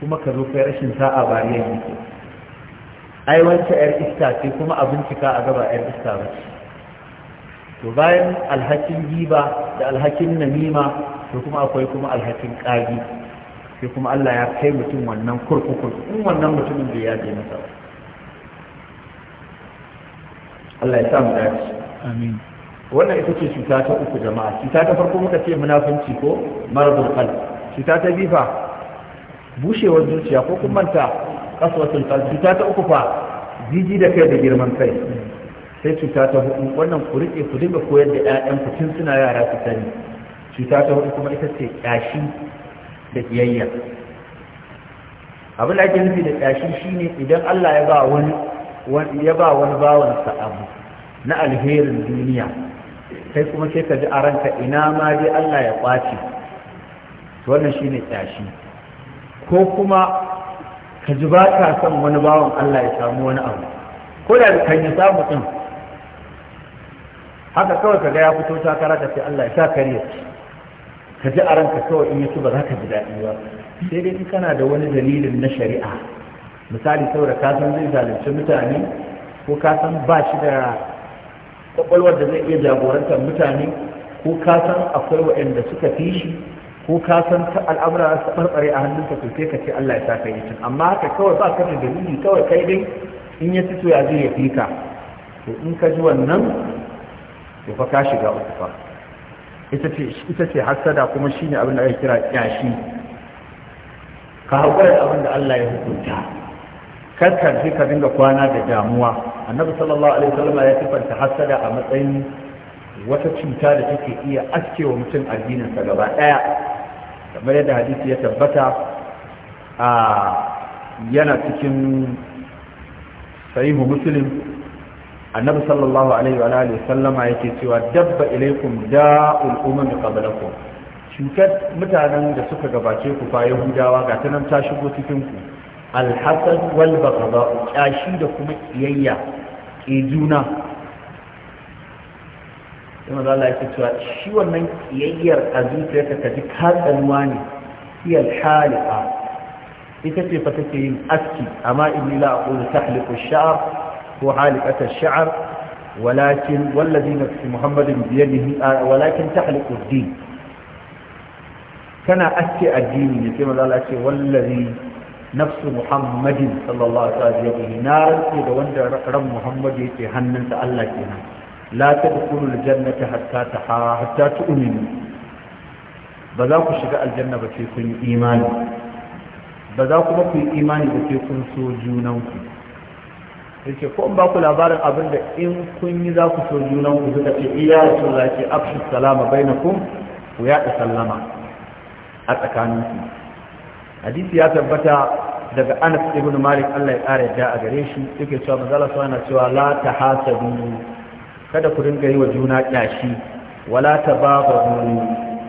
kuma ka zo kai rashin sa'a ba riya yake ai wancan yar iska ce kuma a bincika a gaba yar iska ba ce to bayan alhakin giba da alhakin namima to kuma akwai kuma alhakin ƙagi sai kuma Allah ya kai mutum wannan kurkukun in wannan mutumin da ya je masa Allah ya sa mu dace amin wannan ita ce cuta ta uku jama'a cuta ta farko muka ce munafunci ko maradul qalb cuta ta biyu fa bushewar zuciya ko kuma manta kaswatul qalb cuta ta uku fa jiji da kai da girman kai sai cuta ta hudu wannan ku rike ku dinga koyar da ƴaƴan ku tun suna yara su sani cuta ta hudu kuma ita ce kyashi da kiyayya abin da ake nufi da kyashi shine idan Allah ya ba wani ya ba wani bawansa abu na alherin duniya kai kuma sai ka ji a ranka ina ma dai Allah ya kwace wannan shine tashi ko kuma ka ji ba ka son wani bawan Allah ya samu wani abu ko da kan yi samu din haka kawai ka ga ya fito takara da sai Allah ya sa kariya ka ji a ranka kawai in yasu ba za ka ji daɗi ba sai dai kana da wani dalilin na shari'a misali saboda ka san zai zalunci mutane ko ka san ba shi da kwakwalwar da zai iya jagorantar mutane ko ka san akwai waɗanda suka fi shi ko ka san ta al'amura su barbare a hannunsa, to sai ka ce Allah ya saka yi amma haka kawai ba ka da dalili kawai kai dai in ya fito ya zai ya fi ka to in ka ji wannan to fa ka shiga uku fa ita ce ita ce hasada kuma shine abin da ake kira kyashi ka haƙura da abin da Allah ya hukunta karkar shi ka dinga kwana da damuwa annabi sallallahu alaihi wasallam ya sifanta hasada a matsayin wata cuta da take iya askewa mutum addininsa gaba daya kamar yadda hadisi ya tabbata a yana cikin sahihu muslim annabi sallallahu alaihi wa alihi sallama yake cewa dabba ilaikum da'ul umam qablakum cutar mutanen da suka gabace ku fa yahudawa gatanan ta shigo cikin ku alhasad wal baghdha kyashi da kuma kiyayya ke juna sai manzo Allah yake cewa shi wannan kiyayyar a zuciyarka ka ji katsanuwa ne hi alhalika ita ce fa take yin aski amma inni la aqulu tahliqu ash-sha'r ko halikata ash-sha'r walakin wallazi nafsi muhammadin biyadihi walakin tahliqu ad-din kana aski addini ne sai manzo Allah ya ce wallazi nafsu muhammadin sallallahu alaihi wasallam na rantsi da wanda ran muhammadu yake hannunsa Allah kenan la tadkhulul jannata hatta taha hatta tu'minu ba za ku shiga aljanna ba sai kun yi imani ba za kuma imani ba sai kun so yake ko in ba ku labarin abin da in kun yi za ku so ku, suka ce iya rasulullah ce afshu salama bainakum ku yaɗa sallama a tsakaninku hadisi ya tabbata daga Anas ibn Malik Allah ya kare da a gare shi yake cewa manzala sallallahu alaihi cewa la tahasabu kada ku dinga yi wa juna kyashi wala tababu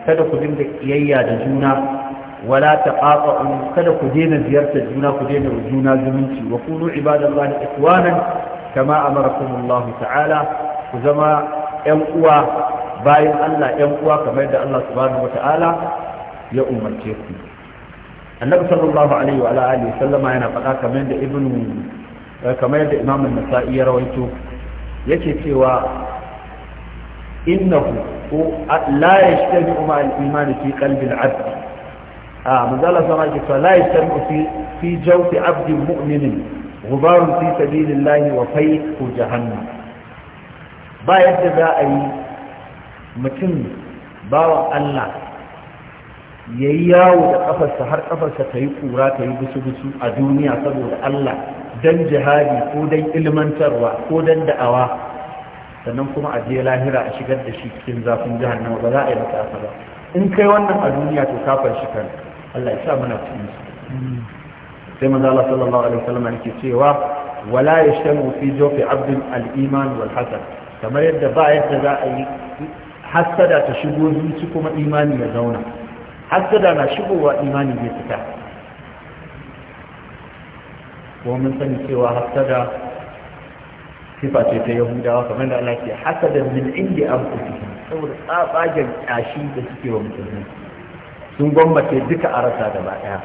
kada ku dinga kiyayya da juna wala taqatu kada ku daina ziyartar juna ku daina juna zumunci wa kunu ibadallahi ikwanan kama amarakum Allah ta'ala ku zama yan uwa bayan Allah yan uwa kamar da Allah subhanahu wa ta'ala ya umarce ku annabi sallallahu alaihi wa alihi sallama yana faɗa kamar da ibnu eh, kamar da imam an-nasa'i ya rawaito yake cewa innahu la yashtabi ma al-iman fi qalbi al-abd ah manzala sama yake cewa la yashtabi fi fi jawfi abdin mu'minin غبار في سبيل الله وفيق جهنم ba yadda za a yi mutum bawan Allah ya yi yawo da kafarsa har kafarsa ta yi kura ta yi gusu-gusu a duniya saboda Allah don jihadi ko don ilmantarwa ko don da'awa sannan kuma a je lahira a shigar da shi cikin zafin jahannama ba za a yi masa ba in kai wannan a duniya to kafar shi kan Allah ya sa mana cikin su sai manzo Allah sallallahu alaihi wasallam yake cewa wala yashtamu fi jawfi abdin al-iman wal hasad kamar yadda ba yadda za a yi hasada ta shigo zuci kuma imani ya zauna hasada na shigowa imani ya fita kuma mun sani cewa hasada sifa ce ta yahudawa kamar da Allah ke hasada min indi an saboda tsabagen kashi da suke wa musulmi sun gwammace duka a rasa gaba daya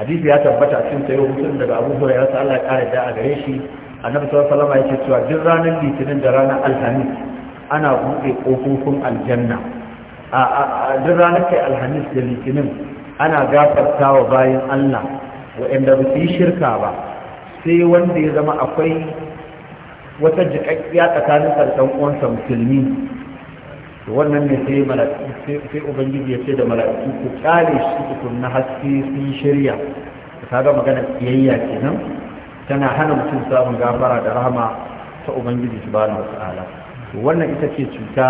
hadisi ya tabbata sun sayo mutum daga abu ya sai Allah ya kare da a gare shi annabi sallallahu alaihi wasallam ce cewa duk ranar litinin da ranar alhamis ana buɗe ƙofofin aljanna a duk ranar kai alhamis da litinin ana gafarta wa bayan allah waɗanda ba su yi shirka ba sai wanda ya zama akwai wata jikakkiya tsakanin sarkan uwansa musulmi wannan ne sai sai ubangiji ya ce da mala'iku ku kyale shi tukun na haske sun shirya kaga magana kiyayya kenan tana hana mutum samun gafara da rahama ta ubangiji subhanahu wa ta'ala wannan ita ce cuta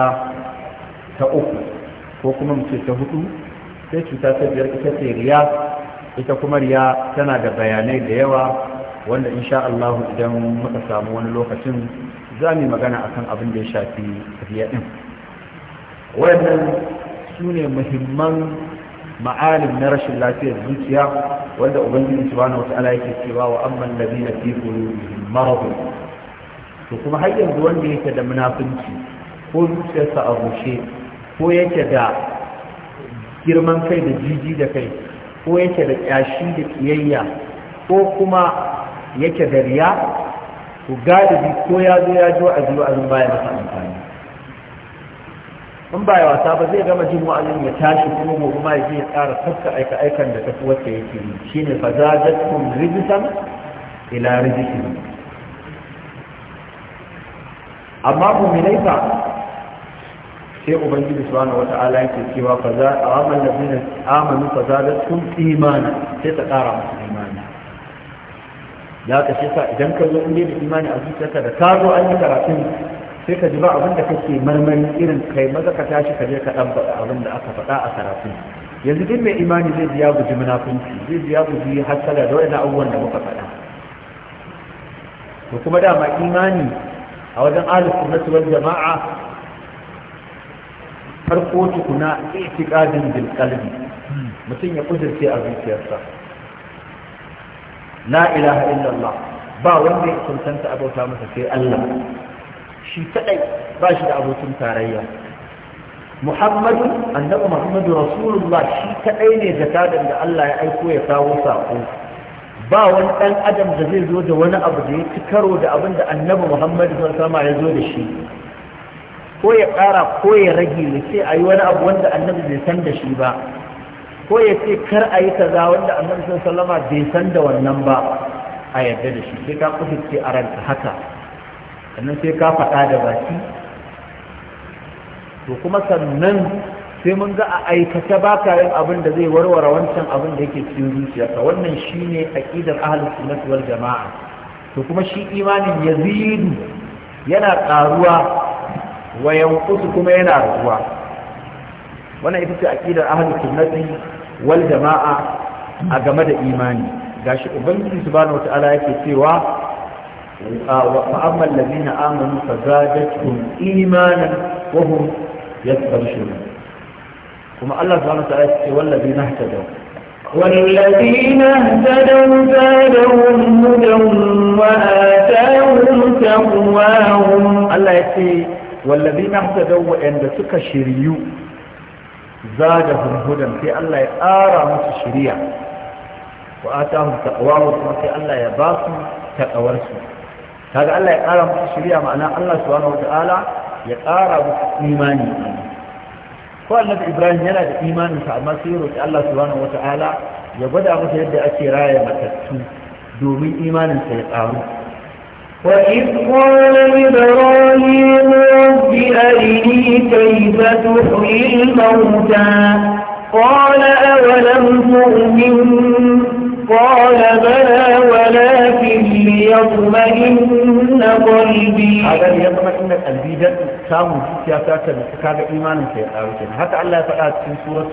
ta uku ko kuma mu ce ta hudu sai cuta ta biyar ita ce riya ita kuma riya tana da bayanai da yawa wanda insha Allah idan muka samu wani lokacin za mu magana akan abin da ya shafi riya din Wannan su ne muhimman ma'alim na rashin lafiyar zuciya wanda ubangiji subhanahu wata'ala yake cewa wa amman ladina fi qulubihim marad to kuma har yanzu wanda yake da munafunci ko zuciyarsa a rushe ko yake da girman kai da jiji da kai ko yake da ƙyashi da ƙiyayya ko kuma yake da riya da galibi ko ya zo ya ji wa'azi wa'azin baya masa amfani in ba wasa ba zai gama jin wa'azin ya tashi kuma gobe kuma ya ya tsara tafka aika aikan da tafi wacce yake yi shine fa zadatkum ila rijsin amma mu'minai fa sai ubangiji subhanahu wata'ala yake cewa fa za a amal ladina amanu fa zadatuhum imana sai ta ƙara musu imani da ka shi sa idan ka zo inda da imani a zuciyarka da ka zo an yi karatun sai ka ji ba abin da kake marmari irin kai maza ka tashi ka je ka dan faɗa abin da aka faɗa a karatun yanzu duk mai imani zai ji ya guji munafunci zai ji ya guji hasala da wa'ina abubuwan da muka faɗa to kuma dama imani a wajen ahlus sunnati wal jama'a farko tukuna itiqadin bil qalbi mutum ya kudurce a zuciyarsa la ilaha illallah ba wanda ya kuntanta abota masa sai Allah shi kadai ba shi da abokin tarayya muhammadu annabi muhammadu rasulullah shi kadai ne zakadan da Allah ya aiko ya kawo sako ba wani dan adam da zai zo da wani abu da ya ci karo da abin da annabi muhammadu sallallahu alaihi wasallam ya zo da shi ko ya ƙara ko ya rage ya ce a yi wani abu wanda annabi bai san da shi ba ko ya ce kar a yi kaza wanda annabi sun sallama bai san da wannan ba a yarda da shi sai ka kusurce a ranka haka sannan sai ka faɗa da baki to kuma sannan sai mun ga a aikata ba ka yin abin da zai warware wancan abin da yake cikin zuciyarka wannan shine aƙidar ahlus sunnah wal jamaa to kuma shi imanin yazidu yana ƙaruwa ويوقف كما رجوع وانا اذا تأكيد اهل السنة والجماعة اقمد ايماني قاش ابنه سبحانه وتعالى يكتوى آه، واما الذين امنوا فزادتهم ايمانا وهم يتبرشون كما الله سبحانه وتعالى يكتوى الذين اهتدوا والذين اهتدوا زادهم هدى وآتاهم تقواهم الله يكتوى wallazi na hadadau waɗanda suka shiryu za da hudan sai Allah ya ƙara musu shirya wa atahum taqwahu kuma sai Allah ya ba su taqawarsu kaga Allah ya ƙara musu shirya ma'ana Allah subhanahu wataala ya ƙara musu imani ko annabi Ibrahim yana da imanin sa amma sai roki Allah su subhanahu wataala ya gwada musu yadda ake raya matattu domin imanin sa ya ƙaru وإذ قال إبراهيم رب أرني كيف تحيي الموتى قال أولم تؤمن قال بلى ولكن ليطمئن قلبي هذا ليطمئن قلبي ده سامو في سياسات كاغا إيمانك يا أبو حتى الله فقط في سورة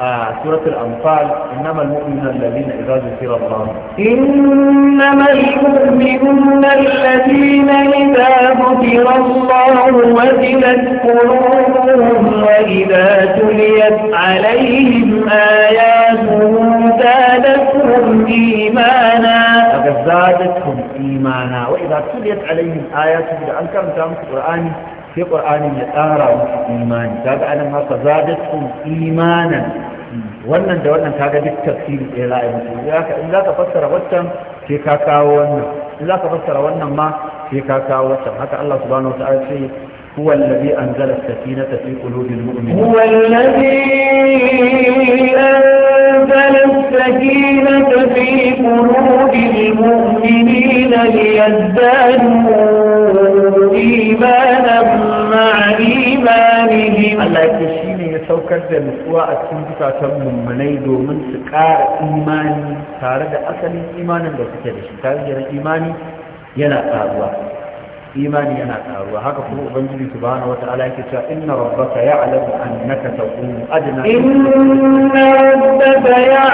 آه، سورة الأنفال إنما المؤمنون الذين إذا ذكر الله إنما المؤمنون الذين إذا ذكر الله وزلت قلوبهم وإذا تليت عليهم آياته زادتهم إيمانا زادتهم إيمانا وإذا تليت عليهم آياته إذا أنكرت القرآن sai qur'anin ya tsara musu imani kaga anan haka zadatkum imanan wannan da wannan kaga duk tafsiri ɗaya za a yi musu in za ka fassara wancan sai ka kawo wannan in za ka fassara wannan ma sai ka kawo wancan haka Allah subhanahu wa ta'ala ce هو الذي أنزل السكينة في قلوب المؤمنين هو الذي أنزل السكينة في قلوب المؤمنين ليزدادوا إيمانا مع إيمانهم الله يكشيني يسوكر ذا نسواء السنجفة تم مني دومن سكار إيماني تارد أصل إيمانا لو إيماني ينا قاروا imani yana karuwa haka kuma ubangiji subhanahu wata'ala yake cewa inna rabbaka ya'lamu annaka taqumu adna inna rabbaka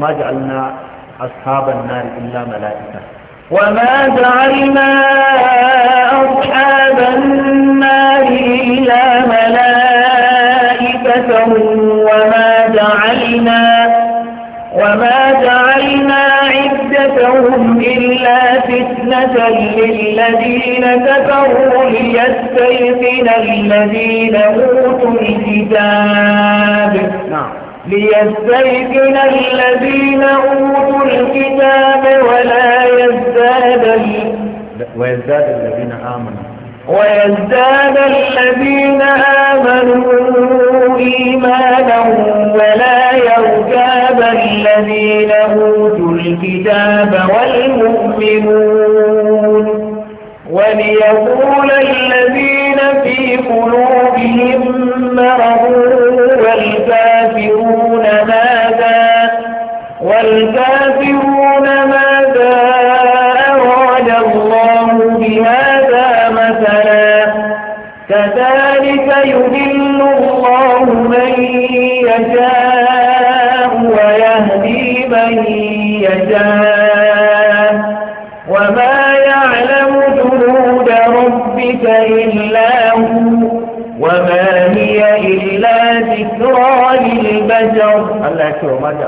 وما جعلنا أصحاب النار إلا ملائكة وما جعلنا أصحاب النار إلا ملائكة وما جعلنا وما جعلنا عدتهم إلا فتنة للذين كفروا ليستيقن الذين أوتوا الكتاب ليستيقن الذين أوتوا الكتاب ولا يزداد ويزداد الذين آمنوا ويزداد الذين آمنوا إيمانا ولا يرتاب الذين أوتوا الكتاب والمؤمنون وليقول الذين في قلوبهم مرض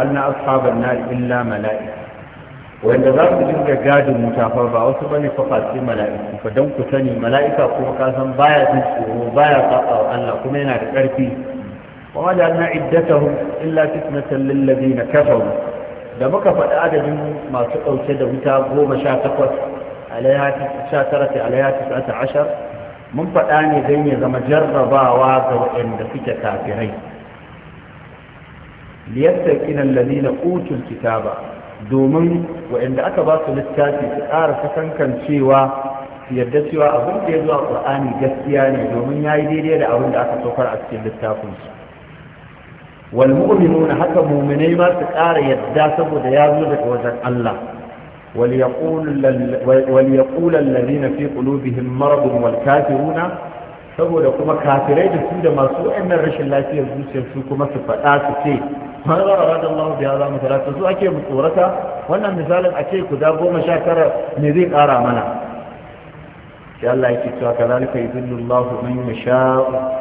ja'alna ashaban nar illa mala'ika wanda za su dinga gadin mutafa ba wasu bane fa fasi mala'iku fa dan ku sani mala'ika kuma ka san baya jin tsoro baya saba Allah kuma yana da karfi wa ja'alna iddatahum illa fitnatan lil ladina kafaru da muka faɗi adadin masu ɗauke da wuta goma sha takwas alaiha sha tara ta alaiha tis'ata ashar mun faɗa ne dan ya zama jarrabawa ga waɗanda suke kafirai liyattaqin alladhina utul kitaba domin wa'anda aka ba su littafi su ƙara sakankancewa su yarda cewa abin da ya zuwa qur'ani gaskiya ne domin yayi daidai da abin da aka saukar a cikin littafin su wal mu'minuna haka mu'minai ma su ƙara yadda saboda ya zo daga wajen Allah وليقول الذين في قلوبهم مرض والكافرون saboda kuma kafirai da su da masu wa'annan rashin lafiyar zuciyar su kuma su faɗa su ce man rarraba da Allah biya za mu su ake mu tsorata wannan misalin a ce ku da goma sha tara me zai kara mana sai Allah yake cewa kazalika yudillu Allah man yasha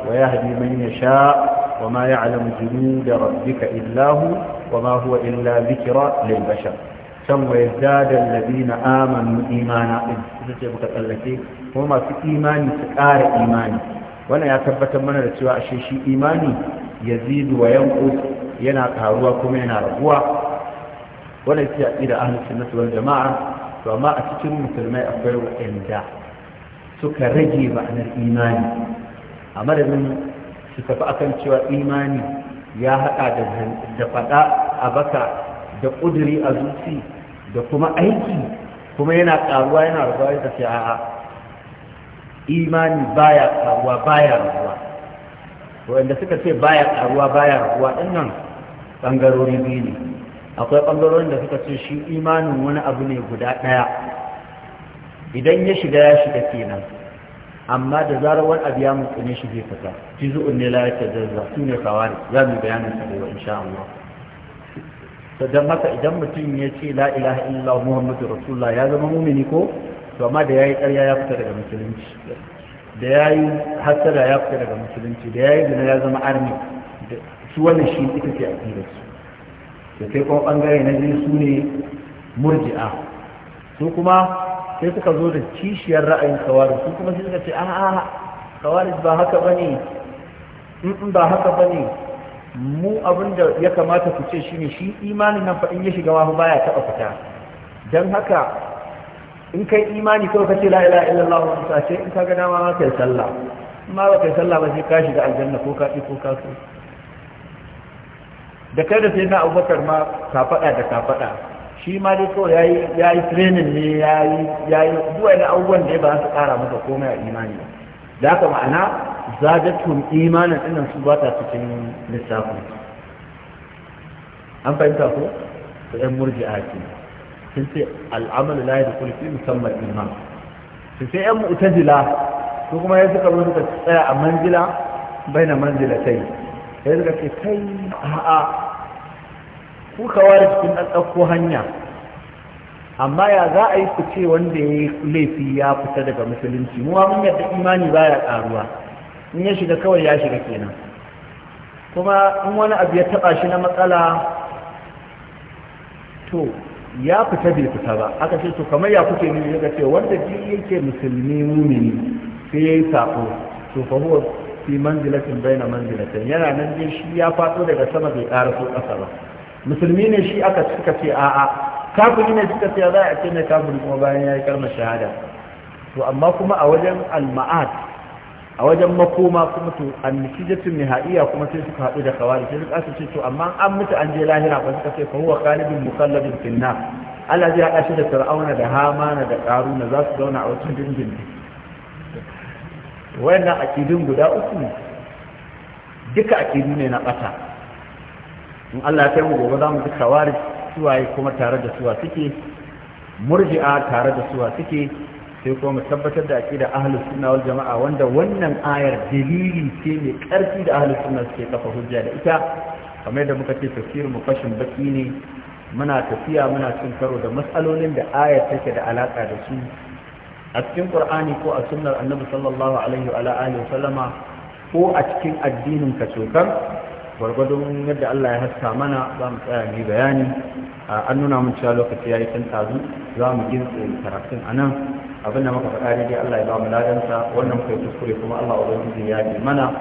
wa yahdi man yasha wa ma ya'lamu junud rabbika illa hu wa ma huwa illa dhikra lil bashar san wa yazdada alladhina amanu imana in sai muka tsallake kuma masu imani su ƙara imani wannan ya tabbatar mana da cewa ashe shi imani yazidu wa yanqus yana karuwa kuma yana raguwa wannan ce aqida ahlus sunnah wal jamaa to amma a cikin musulmai akwai wa'anda suka rage ma'anar imani a madadin su tafi akan cewa imani ya haɗa da faɗa a baka da ƙuduri a zuci da kuma aiki kuma yana ƙaruwa yana rabuwa ya tafi a imani baya ƙaruwa baya rabuwa wanda suka ce baya ƙaruwa baya rabuwa ɗin nan ɓangarori biyu ne akwai ɓangarorin da suka ce shi imanin wani abu ne guda ɗaya idan ya shiga ya shiga kenan amma da zarar wani abu ya mutu ne shi zai fita in ne la yake zazza su ne kawari za mu bayanin su da insha Allah sadan maka idan mutum ya ce la ilaha illallah muhammadu rasulullah ya zama mumini ko to amma da yayi ƙarya ya fita daga musulunci da yayi hasara ya fita daga musulunci da yayi zina ya zama arni su wannan shi ita ce aqidar su da sai kuma ɓangare na biyu su ne murji'a su kuma sai suka zo da kishiyar ra'ayin khawarij su kuma sai suka ce a'a khawarij ba haka ba bane in ba haka ba ne. mu abin da ya kamata ku ce shi ne shi imanin nan faɗin ya shiga ma baya taɓa fita Don haka in kai imani kawai kace la ilaha illallah wa ta ce in ka ga dama ma kai sallah ma ba kai sallah ba sai ka shiga aljanna ko ka ko ka so da kai da sai na abubakar ma kafaɗa da kafaɗa shi ma dai kawai yayi yayi training ne yayi yayi duwa da abubuwan da ba su ƙara maka komai a imani da haka ma'ana zadatun imanin ɗinnan su ba ta cikin lissafin an fahimta ko da ƴan murji'a ke sun ce al'amalu la yadkhulu fi musamman iman sun ce ƴan mu'tazila su kuma ya suka zo suka tsaya a manzila baina manzilatai sai suka ke kai a'a ku da cikin ɗan hanya amma ya za a yi ku ce wanda ya yi laifi ya fita daga musulunci mu mun yadda imani baya ƙaruwa in ya shiga kawai ya shiga kenan kuma in wani abu ya taɓa shi na matsala to ya fita bai fita ba aka ce to kamar ya kuke ne ya ce wanda ji yake musulmi mumini sai ya yi sako to fa huwa fi manzilatin baina manzilatin yana nan dai shi ya faɗo daga sama bai ƙara so ƙasa ba musulmi ne shi aka suka ce a'a kafiri ne suka ce za a ce ne kafiri kuma bayan ya yi kalmar shahada to amma kuma a wajen al a wajen makoma kuma to annatijatun nihaiya kuma sai suka haɗu da kawari sai suka ce to amma an mutu an je lahira ba suka ce fa huwa mukallabin finna Allah zai haɗa shi da Fir'auna da Hamana da Qaruna za su zauna a wajen dindindin wayannan akidun guda uku duka akidu ne na bata in Allah ya kai mu gobe zamu ji kawari suwaye kuma tare da suwa suke murji'a tare da suwa suke sai kuma mu tabbatar da akida ahlus sunna wal jama'a wanda wannan ayar dalili ce mai karfi da ahlus sunna suke kafa hujja da ita kamar da muka ce tafsir mu fashin baki ne muna tafiya muna cin karo da matsalolin da ayar take da alaka da su a cikin qur'ani ko a sunnar annabi sallallahu alaihi wa alihi sallama ko a cikin addinin ka cokar gwargwadon yadda Allah ya haska mana za mu tsaya ni bayani an nuna mun cewa lokaci ya yi tun tazu za mu gintse karatun a nan abin da muka faɗa ne dai Allah ya ba mu ladansa wannan kai kuskure kuma Allah ubangiji ya yi mana